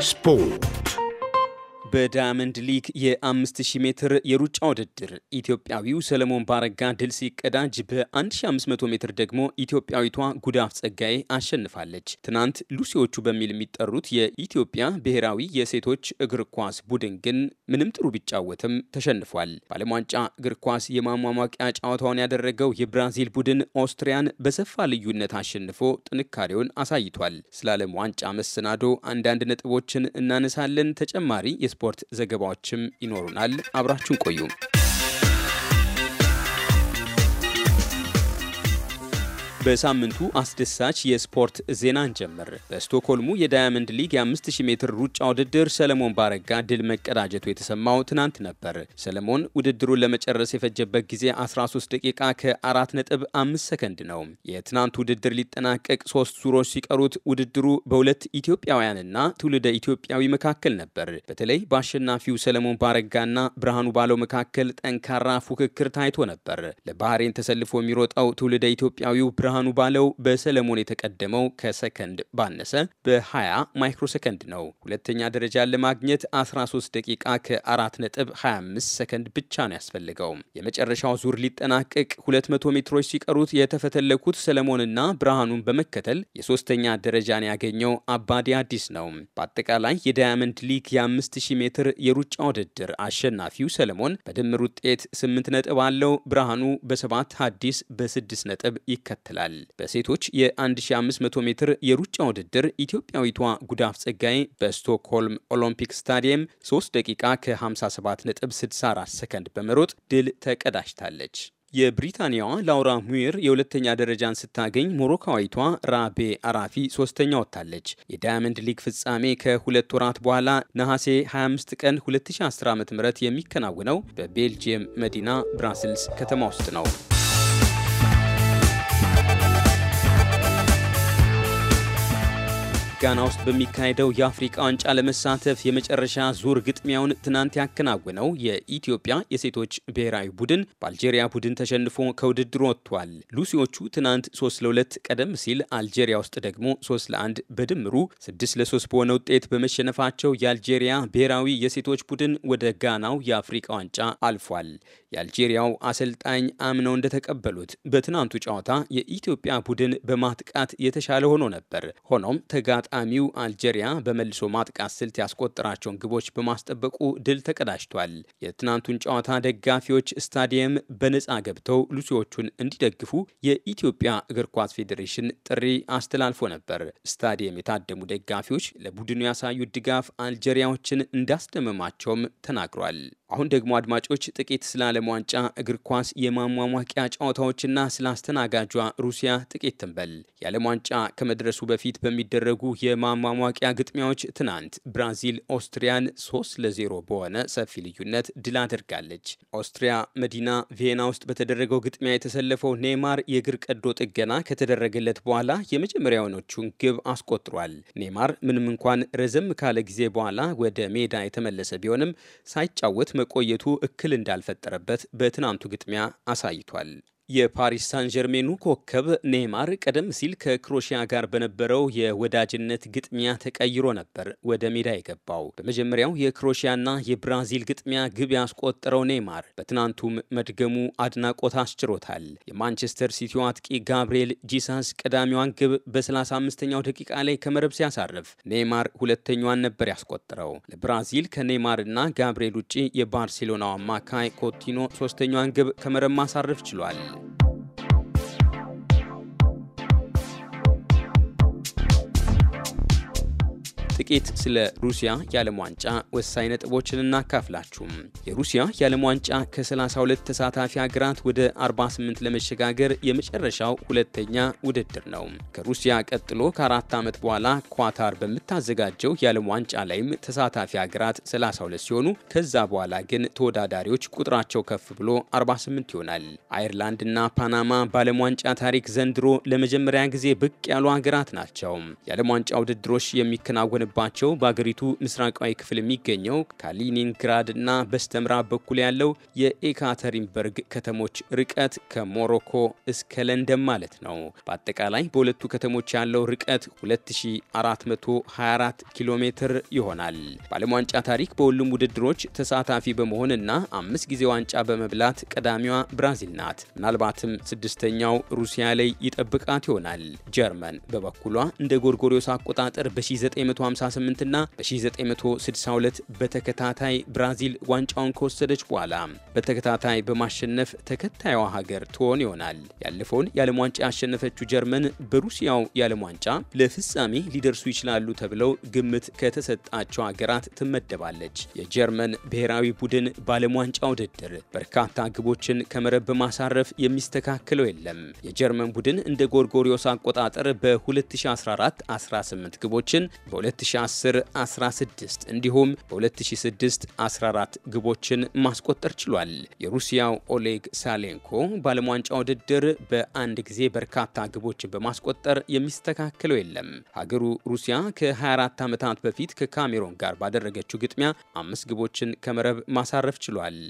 Sport. በዳያመንድ ሊግ የ5000 ሜትር የሩጫ ውድድር ኢትዮጵያዊው ሰለሞን ባረጋ ድል ሲቀዳጅ በ1500 ሜትር ደግሞ ኢትዮጵያዊቷ ጉዳፍ ጸጋዬ አሸንፋለች። ትናንት ሉሲዎቹ በሚል የሚጠሩት የኢትዮጵያ ብሔራዊ የሴቶች እግር ኳስ ቡድን ግን ምንም ጥሩ ቢጫወትም ተሸንፏል። በዓለም ዋንጫ እግር ኳስ የማሟሟቂያ ጨዋታውን ያደረገው የብራዚል ቡድን ኦስትሪያን በሰፋ ልዩነት አሸንፎ ጥንካሬውን አሳይቷል። ስለ ዓለም ዋንጫ መሰናዶ አንዳንድ ነጥቦችን እናነሳለን። ተጨማሪ የስፖርት ዘገባዎችም ይኖሩናል። አብራችሁን ቆዩ። በሳምንቱ አስደሳች የስፖርት ዜናን ጀምር። በስቶክሆልሙ የዳያመንድ ሊግ የ5000 ሜትር ሩጫ ውድድር ሰለሞን ባረጋ ድል መቀዳጀቱ የተሰማው ትናንት ነበር። ሰለሞን ውድድሩን ለመጨረስ የፈጀበት ጊዜ 13 ደቂቃ ከ 4 5ሰከንድ ሰከንድ ነው። የትናንቱ ውድድር ሊጠናቀቅ ሶስት ዙሮች ሲቀሩት ውድድሩ በሁለት ኢትዮጵያውያንና ትውልደ ኢትዮጵያዊ መካከል ነበር። በተለይ በአሸናፊው ሰለሞን ባረጋና ብርሃኑ ባለው መካከል ጠንካራ ፉክክር ታይቶ ነበር። ለባህሬን ተሰልፎ የሚሮጠው ትውልደ ኢትዮጵያዊው ብርሃኑ ባለው በሰለሞን የተቀደመው ከሰከንድ ባነሰ በ20 ማይክሮሰከንድ ነው። ሁለተኛ ደረጃን ለማግኘት 13 ደቂቃ ከ4.25 ሰከንድ ብቻ ነው ያስፈልገው። የመጨረሻው ዙር ሊጠናቀቅ 200 ሜትሮች ሲቀሩት የተፈተለኩት ሰለሞንና ብርሃኑን በመከተል የሶስተኛ ደረጃን ያገኘው አባዲ አዲስ ነው። በአጠቃላይ የዳያመንድ ሊግ የ5000 ሜትር የሩጫ ውድድር አሸናፊው ሰለሞን በድምር ውጤት 8 ነጥብ አለው። ብርሃኑ በሰባት ሀዲስ 6 ነጥብ ይከተላል። ይቀጥላል። በሴቶች የ1500 ሜትር የሩጫ ውድድር ኢትዮጵያዊቷ ጉዳፍ ጸጋይ በስቶክሆልም ኦሎምፒክ ስታዲየም 3 ደቂቃ ከ57.64 ሰከንድ በመሮጥ ድል ተቀዳጅታለች። የብሪታንያዋ ላውራ ሙዊር የሁለተኛ ደረጃን ስታገኝ ሞሮካዊቷ ራቤ አራፊ ሶስተኛ ወጥታለች። የዳያመንድ ሊግ ፍጻሜ ከሁለት ወራት በኋላ ነሐሴ 25 ቀን 2010 ም የሚከናወነው በቤልጅየም መዲና ብራስልስ ከተማ ውስጥ ነው። ጋና ውስጥ በሚካሄደው የአፍሪቃ ዋንጫ ለመሳተፍ የመጨረሻ ዙር ግጥሚያውን ትናንት ያከናወነው የኢትዮጵያ የሴቶች ብሔራዊ ቡድን በአልጄሪያ ቡድን ተሸንፎ ከውድድር ወጥቷል። ሉሲዎቹ ትናንት 3 ለሁለት ቀደም ሲል አልጄሪያ ውስጥ ደግሞ 3 ለአንድ በድምሩ 6 ለ3 በሆነ ውጤት በመሸነፋቸው የአልጄሪያ ብሔራዊ የሴቶች ቡድን ወደ ጋናው የአፍሪቃ ዋንጫ አልፏል። የአልጄሪያው አሰልጣኝ አምነው እንደተቀበሉት በትናንቱ ጨዋታ የኢትዮጵያ ቡድን በማጥቃት የተሻለ ሆኖ ነበር። ሆኖም ተጋጣሚው አልጄሪያ በመልሶ ማጥቃት ስልት ያስቆጠራቸውን ግቦች በማስጠበቁ ድል ተቀዳጅቷል። የትናንቱን ጨዋታ ደጋፊዎች ስታዲየም በነፃ ገብተው ሉሲዎቹን እንዲደግፉ የኢትዮጵያ እግር ኳስ ፌዴሬሽን ጥሪ አስተላልፎ ነበር። ስታዲየም የታደሙ ደጋፊዎች ለቡድኑ ያሳዩት ድጋፍ አልጄሪያዎችን እንዳስደመማቸውም ተናግሯል። አሁን ደግሞ አድማጮች ጥቂት ስለ ዓለም ዋንጫ እግር ኳስ የማሟሟቂያ ጨዋታዎችና ስለ አስተናጋጇ ሩሲያ ጥቂት ትንበል። የዓለም ዋንጫ ከመድረሱ በፊት በሚደረጉ የማሟሟቂያ ግጥሚያዎች ትናንት ብራዚል ኦስትሪያን ለ ለዜሮ በሆነ ሰፊ ልዩነት ድል አድርጋለች። ኦስትሪያ መዲና ቪየና ውስጥ በተደረገው ግጥሚያ የተሰለፈው ኔይማር የእግር ቀዶ ጥገና ከተደረገለት በኋላ የመጀመሪያውኖቹን ግብ አስቆጥሯል። ኔይማር ምንም እንኳን ረዘም ካለ ጊዜ በኋላ ወደ ሜዳ የተመለሰ ቢሆንም ሳይጫወት መቆየቱ እክል እንዳልፈጠረበት በትናንቱ ግጥሚያ አሳይቷል። የፓሪስ ሳን ጀርሜኑ ኮከብ ኔይማር ቀደም ሲል ከክሮሺያ ጋር በነበረው የወዳጅነት ግጥሚያ ተቀይሮ ነበር ወደ ሜዳ የገባው። በመጀመሪያው የክሮሺያና የብራዚል ግጥሚያ ግብ ያስቆጠረው ኔይማር በትናንቱም መድገሙ አድናቆት አስችሮታል። የማንቸስተር ሲቲው አጥቂ ጋብርኤል ጂሳስ ቀዳሚዋን ግብ በ35ኛው ደቂቃ ላይ ከመረብ ሲያሳርፍ ኔይማር ሁለተኛዋን ነበር ያስቆጠረው። ለብራዚል ከኔይማርና ጋብርኤል ውጪ የባርሴሎናው አማካይ ኮቲኖ ሶስተኛዋን ግብ ከመረብ ማሳረፍ ችሏል። time. ጥቂት ስለ ሩሲያ የዓለም ዋንጫ ወሳኝ ነጥቦችን እናካፍላችሁም። የሩሲያ የዓለም ዋንጫ ከ32 ተሳታፊ ሀገራት ወደ 48 ለመሸጋገር የመጨረሻው ሁለተኛ ውድድር ነው። ከሩሲያ ቀጥሎ ከአራት ዓመት በኋላ ኳታር በምታዘጋጀው የዓለም ዋንጫ ላይም ተሳታፊ ሀገራት 32 ሲሆኑ ከዛ በኋላ ግን ተወዳዳሪዎች ቁጥራቸው ከፍ ብሎ 48 ይሆናል። አየርላንድ እና ፓናማ በዓለም ዋንጫ ታሪክ ዘንድሮ ለመጀመሪያ ጊዜ ብቅ ያሉ ሀገራት ናቸው። የዓለም ዋንጫ ውድድሮች የሚከናወን ሲደረግባቸው በአገሪቱ ምስራቃዊ ክፍል የሚገኘው ካሊኒንግራድ እና በስተምዕራብ በኩል ያለው የኤካተሪንበርግ ከተሞች ርቀት ከሞሮኮ እስከ ለንደን ማለት ነው። በአጠቃላይ በሁለቱ ከተሞች ያለው ርቀት 2424 ኪሎ ሜትር ይሆናል። በዓለም ዋንጫ ታሪክ በሁሉም ውድድሮች ተሳታፊ በመሆንና አምስት ጊዜ ዋንጫ በመብላት ቀዳሚዋ ብራዚል ናት። ምናልባትም ስድስተኛው ሩሲያ ላይ ይጠብቃት ይሆናል። ጀርመን በበኩሏ እንደ ጎርጎሪዮስ አቆጣጠር በ9 በ1958 እና በ1962 በተከታታይ ብራዚል ዋንጫውን ከወሰደች በኋላ በተከታታይ በማሸነፍ ተከታዩዋ ሀገር ትሆን ይሆናል። ያለፈውን የዓለም ዋንጫ ያሸነፈችው ጀርመን በሩሲያው የዓለም ዋንጫ ለፍጻሜ ሊደርሱ ይችላሉ ተብለው ግምት ከተሰጣቸው ሀገራት ትመደባለች። የጀርመን ብሔራዊ ቡድን በዓለም ዋንጫ ውድድር በርካታ ግቦችን ከመረብ በማሳረፍ የሚስተካከለው የለም። የጀርመን ቡድን እንደ ጎርጎሪዮስ አቆጣጠር በ2014 18 ግቦችን በ በ2010 16 እንዲሁም በ2006 14 ግቦችን ማስቆጠር ችሏል። የሩሲያው ኦሌግ ሳሌንኮ በዓለም ዋንጫ ውድድር በአንድ ጊዜ በርካታ ግቦችን በማስቆጠር የሚስተካከለው የለም። ሀገሩ ሩሲያ ከ24 ዓመታት በፊት ከካሜሮን ጋር ባደረገችው ግጥሚያ አምስት ግቦችን ከመረብ ማሳረፍ ችሏል።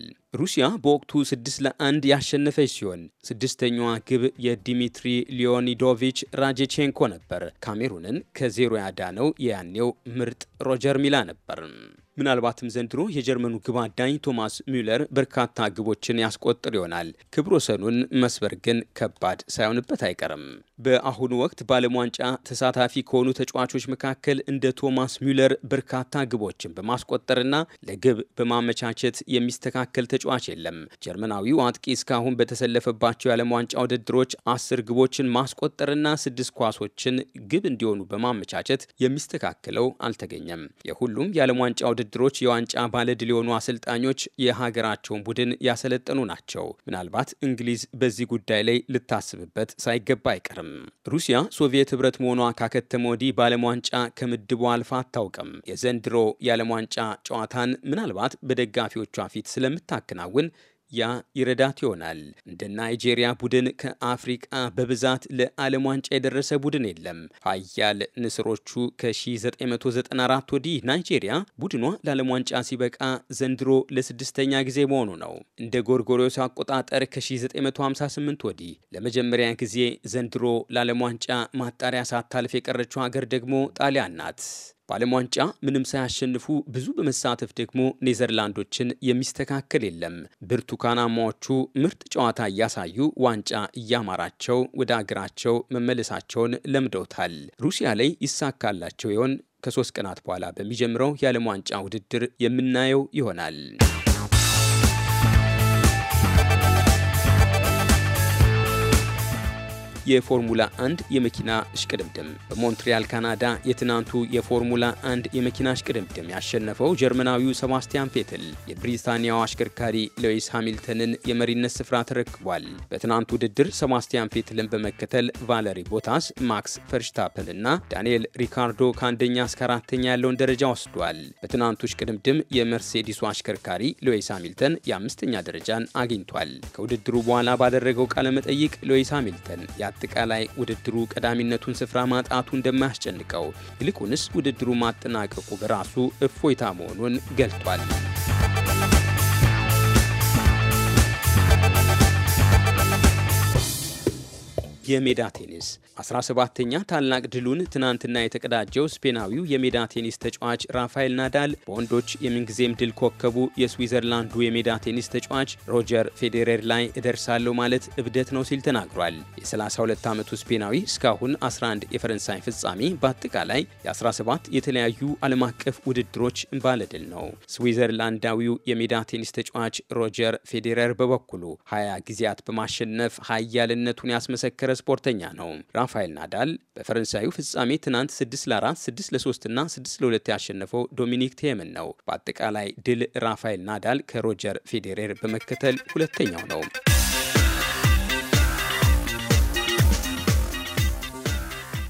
ሩሲያ በወቅቱ 6 ለአንድ ያሸነፈች ሲሆን ስድስተኛዋ ግብ የዲሚትሪ ሊዮኒዶቪች ራጄቼንኮ ነበር። ካሜሩንን ከዜሮ ያዳነው የያኔ ያገኘው ምርጥ ሮጀር ሚላ ነበር። ምናልባትም ዘንድሮ የጀርመኑ ግብ አዳኝ ቶማስ ሚለር በርካታ ግቦችን ያስቆጥር ይሆናል። ክብረ ወሰኑን መስበር ግን ከባድ ሳይሆንበት አይቀርም። በአሁኑ ወቅት በዓለም ዋንጫ ተሳታፊ ከሆኑ ተጫዋቾች መካከል እንደ ቶማስ ሚለር በርካታ ግቦችን በማስቆጠርና ለግብ በማመቻቸት የሚስተካከል ተጫዋች የለም። ጀርመናዊው አጥቂ እስካሁን በተሰለፈባቸው የዓለም ዋንጫ ውድድሮች አስር ግቦችን ማስቆጠርና ስድስት ኳሶችን ግብ እንዲሆኑ በማመቻቸት የሚስተካከለው አልተገኘም። የሁሉም የዓለም ዋንጫ ውድድ ውድድሮች የዋንጫ ባለድል የሆኑ አሰልጣኞች የሀገራቸውን ቡድን ያሰለጠኑ ናቸው። ምናልባት እንግሊዝ በዚህ ጉዳይ ላይ ልታስብበት ሳይገባ አይቀርም። ሩሲያ ሶቪየት ህብረት መሆኗ ካከተመ ወዲህ በዓለም ዋንጫ ከምድቡ አልፋ አታውቅም። የዘንድሮ የዓለም ዋንጫ ጨዋታን ምናልባት በደጋፊዎቿ ፊት ስለምታከናውን ያ ይረዳት ይሆናል። እንደ ናይጄሪያ ቡድን ከአፍሪቃ በብዛት ለዓለም ዋንጫ የደረሰ ቡድን የለም። ሀያል ንስሮቹ ከ1994 ወዲህ ናይጄሪያ ቡድኗ ለዓለም ዋንጫ ሲበቃ ዘንድሮ ለስድስተኛ ጊዜ መሆኑ ነው። እንደ ጎርጎሪዮስ አቆጣጠር ከ1958 ወዲህ ለመጀመሪያ ጊዜ ዘንድሮ ለዓለም ዋንጫ ማጣሪያ ሳታልፍ የቀረችው ሀገር ደግሞ ጣሊያን ናት። በዓለም ዋንጫ ምንም ሳያሸንፉ ብዙ በመሳተፍ ደግሞ ኔዘርላንዶችን የሚስተካከል የለም። ብርቱካናማዎቹ ምርጥ ጨዋታ እያሳዩ ዋንጫ እያማራቸው ወደ አገራቸው መመለሳቸውን ለምደውታል። ሩሲያ ላይ ይሳካላቸው ይሆን? ከሶስት ቀናት በኋላ በሚጀምረው የዓለም ዋንጫ ውድድር የምናየው ይሆናል። የፎርሙላ አንድ የመኪና እሽቅድምድም በሞንትሪያል ካናዳ የትናንቱ የፎርሙላ አንድ የመኪና እሽቅድምድም ያሸነፈው ጀርመናዊው ሰባስቲያን ፌትል የብሪታንያው አሽከርካሪ ሎዊስ ሃሚልተንን የመሪነት ስፍራ ተረክቧል። በትናንቱ ውድድር ሰባስቲያን ፌትልን በመከተል ቫለሪ ቦታስ፣ ማክስ ፈርሽታፕል እና ዳንኤል ሪካርዶ ከአንደኛ እስከ አራተኛ ያለውን ደረጃ ወስዷል። በትናንቱ እሽቅድምድም የመርሴዲሱ አሽከርካሪ ሎዊስ ሃሚልተን የአምስተኛ ደረጃን አግኝቷል። ከውድድሩ በኋላ ባደረገው ቃለመጠይቅ ሎዊስ ሃሚልተን አጠቃላይ ውድድሩ ቀዳሚነቱን ስፍራ ማጣቱ እንደማያስጨንቀው ይልቁንስ ውድድሩ ማጠናቀቁ በራሱ እፎይታ መሆኑን ገልጧል። የሜዳ ቴኒስ 17ኛ ታላቅ ድሉን ትናንትና የተቀዳጀው ስፔናዊው የሜዳ ቴኒስ ተጫዋች ራፋኤል ናዳል በወንዶች የምንጊዜም ድል ኮከቡ የስዊዘርላንዱ የሜዳ ቴኒስ ተጫዋች ሮጀር ፌዴሬር ላይ እደርሳለሁ ማለት እብደት ነው ሲል ተናግሯል። የ32 ዓመቱ ስፔናዊ እስካሁን 11 የፈረንሳይ ፍጻሜ በአጠቃላይ የ17 የተለያዩ ዓለም አቀፍ ውድድሮች ባለድል ነው። ስዊዘርላንዳዊው የሜዳ ቴኒስ ተጫዋች ሮጀር ፌዴረር በበኩሉ 20 ጊዜያት በማሸነፍ ሀያልነቱን ያስመሰከረ ስፖርተኛ ነው። ራፋኤል ናዳል በፈረንሳዩ ፍጻሜ ትናንት 6 ለ4፣ 6 ለ3 እና 6 ለ2 ያሸነፈው ዶሚኒክ ቴምን ነው። በአጠቃላይ ድል ራፋኤል ናዳል ከሮጀር ፌዴሬር በመከተል ሁለተኛው ነው።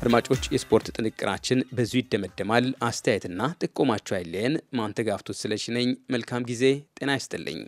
አድማጮች፣ የስፖርት ጥንቅራችን በዙ ይደመደማል። አስተያየትና ጥቆማቸው አይለየን። ማንተጋፍቶት ስለሽነኝ መልካም ጊዜ። ጤና ይስጥልኝ።